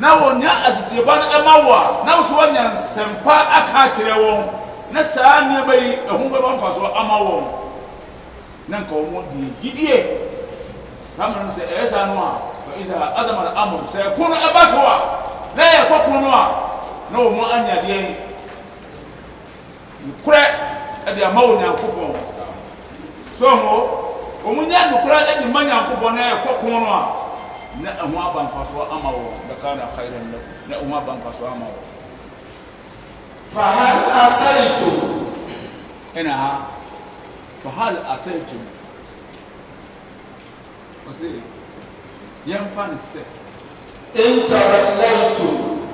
na wɔnya asitieba no ɛma wɔ a na nso wɔnya nsɛmpa aka akyerɛ wɔn na saa nneɛma yi ɛho bɛba mfa so ama wɔn na nka wɔn die yidie na mmerɛ no sɛ ɛyɛ saa no a ɛyɛ adama na amɔ sɛ ɛko no ɛba so a na ɛyɛ kɔko no a na wɔn anya deɛ nokorɛ ɛde ama wɔn nyankopɔn so wɔn nya nokorɛ ɛde ma nyankopɔn na ɛyɛ kɔko no a. na ɛho abanfasoɔ ama wɔ bɛka na khairan lahu na ɛho abanfasoɔ ama wɔ fahal asaitum ɛna ha fahal asaitum ɔse yɛmfa ne sɛ intawallaitum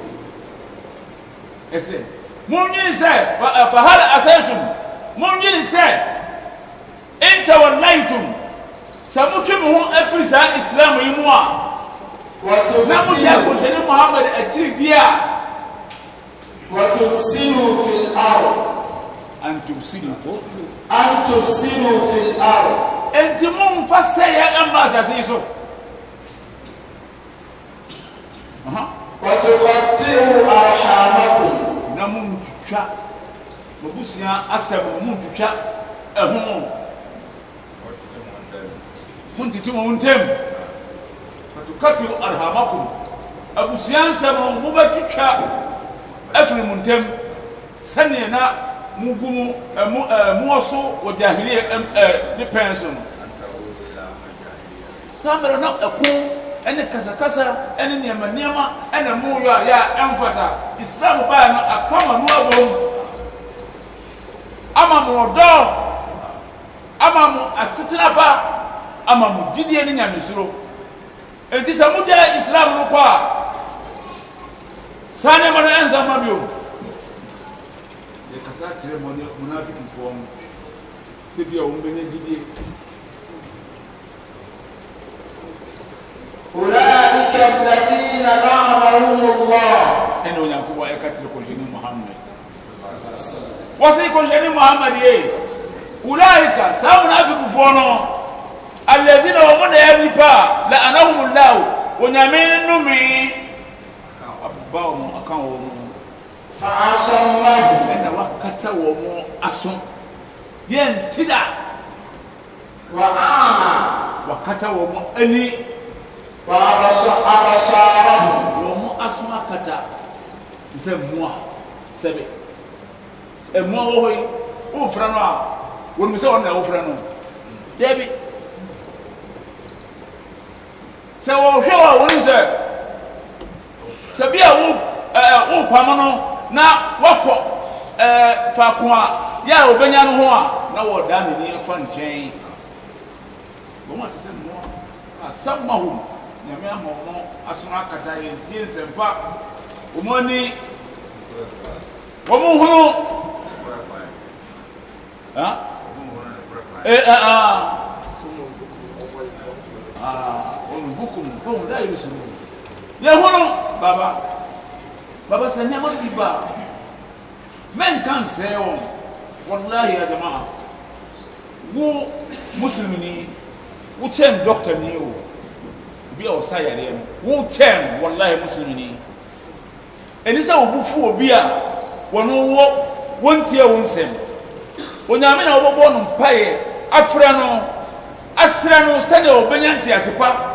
ɛsɛ monyini sɛ fahal asaitum monyini sɛ intawallaitum sɛ motwe mo ho afiri saa islam yi mu a na mo yɛ akɔhyɛni muhammed akyirideɛ a wɔtɔnsinu fil aw antɔnsinu fo antɔnsinu fil aw enti mo nfa sɛyɛ ɛmma asase yi so wɔtɔkɔtewu arahamako na mo ntwitwa mo busua asɛm mo ntwitwa ɛho mo ntete mo ntɛm fatukatiru arhamakum abusua nsɛm mobɛtwitwa afiri mu eh, eh, ntam sɛneɛ na mugu mu ɛmu ɛmuwɔ so wɔ jahiliya ɛm ɛɛ ne pɛn so no saa mmerɛ na ɛko ɛne kasakasa ɛne nneɛma nneɛma ɛna mu yɔ a yɛ a ɛmfata islam baa no akama mu abom ama mu ama mu asetena pa ama mu didie ne nyamesuro. enti sɛ mogya islam no kɔ a saa nneɛma no ɛnsa ma bio yɛkasa kyerɛ mu sɛ bia wɔm bɛnya gyidie أولئك الذين لعنهم الله أنا ونعقوب أكثر كونجيني محمد وسي كونجيني محمد إيه أولئك سأو نافق فونو alẹ́sìn náà wọ́n náà yẹ nípa la anáhùnmùlá o ònyàmí nínú mi bá wọn ọ̀kan wọn mu. fàásánláàbù. ẹ̀dá wa kata wọn mu asún yẹn ti da. wà á mà. wà kata wọn mu ẹni. wà abasa abasaarabu. wọn mu asún akata sẹ mua sẹbi ẹ mua wọ hɔ yi wọn fura no a wọn mu sẹ wọn na wọn fura no dẹbi sɛ wɔhwɛ wɔ a wɔnim sɛ sɛ bi a wo ɛɛ wo pam no na wɔkɔ ɛɛ faako a yɛ a wɔbɛnya no ho a na wɔda ne ne fa nkyɛn wɔn a te sɛ mmoa asam ma hom nyame ama wɔn asono akata yɛn tie nsɛmpa wɔn ani wɔn hunu ɛɛ ɛɛ. yubsirun hum la yubsirun yɛhunu baba baba sɛ nneɛma bi ba mɛnka nsɛe wɔn wallahi ya jamaa wo muslimni wo kyɛn dɔkta ni o obi a ɔsa yareɛ no wo kyɛn wallahi muslimni ɛni sɛ obu fu obi a wɔn wɔ wɔn tie wɔn nsɛm onyame na wɔbɛbɔ no mpaeɛ afrɛ no asrɛ no sɛdeɛ ɔbɛnya nteasepa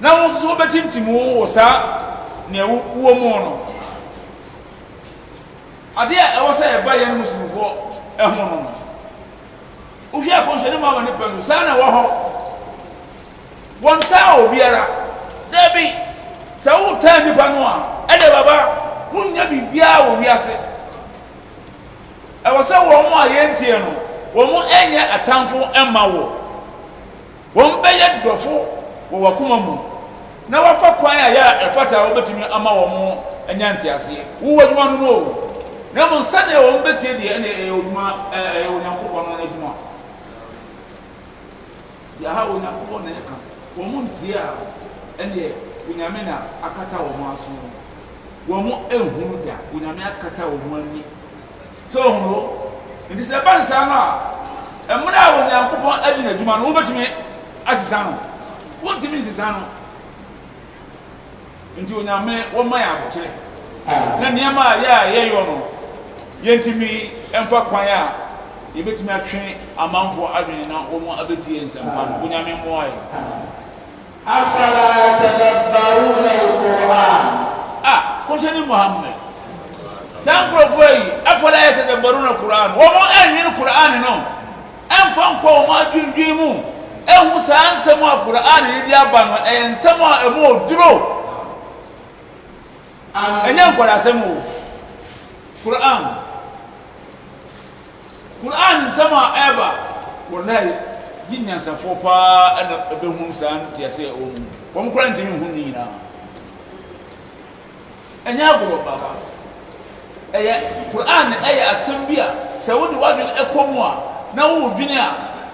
na wọn nso bɛtintim wo wɔ saa nea wɔ mu no adeɛ a ɛwɔ sɛ ɛba yɛn musumfoɔ ɛho no no wohwɛ akɔnhyɛ mu ama nipa so saa na ɛwɔ hɔ wɔn taa obiara dɛbi sɛ wotaa nipa no a ɛdɛ baba wonnya biribiara wɔ wiase ɛwɔ sɛ wɔn a yɛntie no wɔn ɛnyɛ atamfo ɛma wɔ wɔn bɛyɛ dɔfo wɔ wɔ kuma mu na wɔfa kwan a yɛ ɛfata a wɔbɛtumi ama wɔn anya nteaseɛ wowɔ adwuma no no na mmom sɛdeɛ wɔn bɛtie deɛ ɛna ɛyɛ odwuma ɛyɛ onyankopɔn no n'adwuma deɛ ha onyankopɔn na yɛka wɔn mu ntie a ɛneɛ onyame na akata wɔn aso wɔn mu ehunu da onyame akata wɔn ani so ohun o nti sɛ ɛba nsa no a ɛmuna a onyankopɔn adi n'adwuma no wɔbɛtumi asesa no wɔntumi nsesa no nti onyame wɔma yɛ abokyerɛ na nneɛma a yɛ a yɛyɔ no yɛntumi mfa kwan a yɛbɛtumi atwe amanfoɔ adwene na wɔn abɛtie nsɛmpa ah. no onyame mmoa yɛ ah. afala tadabbaruna alquran a ah, kɔhyɛ ne muhammed saa nkurɔfoɔ yi afala yɛ tadabbaruna alquran wɔn ɛnwene quran no ɛmfa nkɔ wɔn adwendwen mu ehu saa nsɛm a kur'an yi di aba no ɛyɛ nsɛm a ɛmu oduro ɛnyɛ nkwadaa o kur'an kur'an nsɛm a ɛba wɔnayi yi nyansafoɔ paa ɛna ɛbɛhu saa ntiase ɛwɔ mu wɔn kora ntumi hu ne nyinaa ɛnyɛ agorɔ baaba ɛyɛ kur'an ɛyɛ asɛm bi a sɛ wode wadwene ɛkɔ mu a na wowɔ dwene a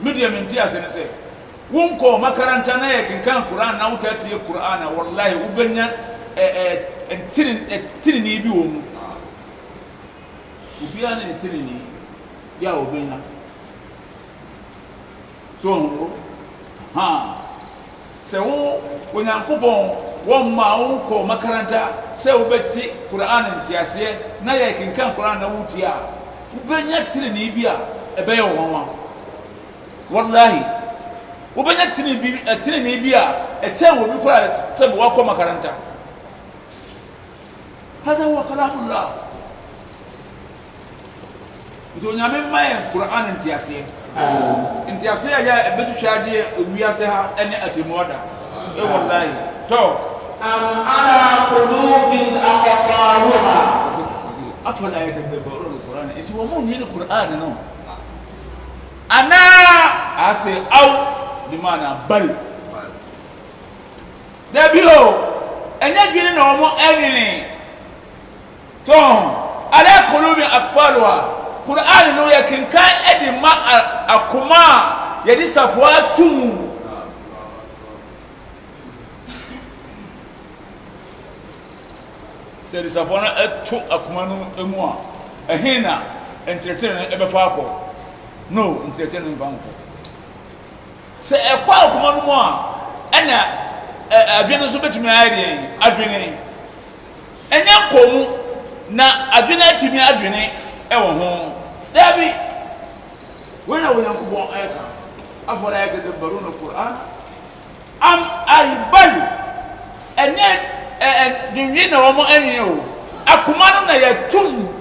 media mi e, e, e, ti ase ne sɛ wonkɔ makaranta na yɛ kenkan koran na wota tie koran na wallahi wobɛnya ɛɛ ɛtiri ɛtirini bi wɔ mu obiara ne ne tirini bi a wobɛnya so nko hàn sɛ wo onyankopɔn wɔn mmaa wonkɔ makaranta sɛ wobɛti koran nti aseɛ na yɛ kenkan koran na wotia wobɛnya tirini bi a ɛbɛyɛ wɔn wa. wllh wobɛnya tineniibia eh, ɛkwo s wak makaranta ha eh, waclamlah nti onyam maɛ qran ntisɛ ntiasɛ ayaetutadɛ owiasha ne atmadawnty qran a ṣe aw bí máa na bali dẹbi o ẹnyẹ dwene na ọmọ ẹnwene tọn ala kulubi akfaluha kur'an no yɛ kenkan ɛde ma akoma a yɛde safoa tum sɛde safoa no ɛto akoma no mu a ɛhe na nkyerɛkyerɛ no ɛbɛfa akɔ no nkyerɛkyerɛ no mfa nkɔ sɛ ɛkɔ akoma no mu a ɛna adwene nso bɛtumi ayɛ deɛ adwene ɛnyɛ nkɔ na adwene atumi adwene ɛwɔ ho daabi wɔn a wɔnyankopɔn ɛka afɔra ayɛ dede baro no koraa am ayibayi ɛnyɛ ɛɛ dwendwen na wɔn ɛnyɛ o akoma no na yɛtum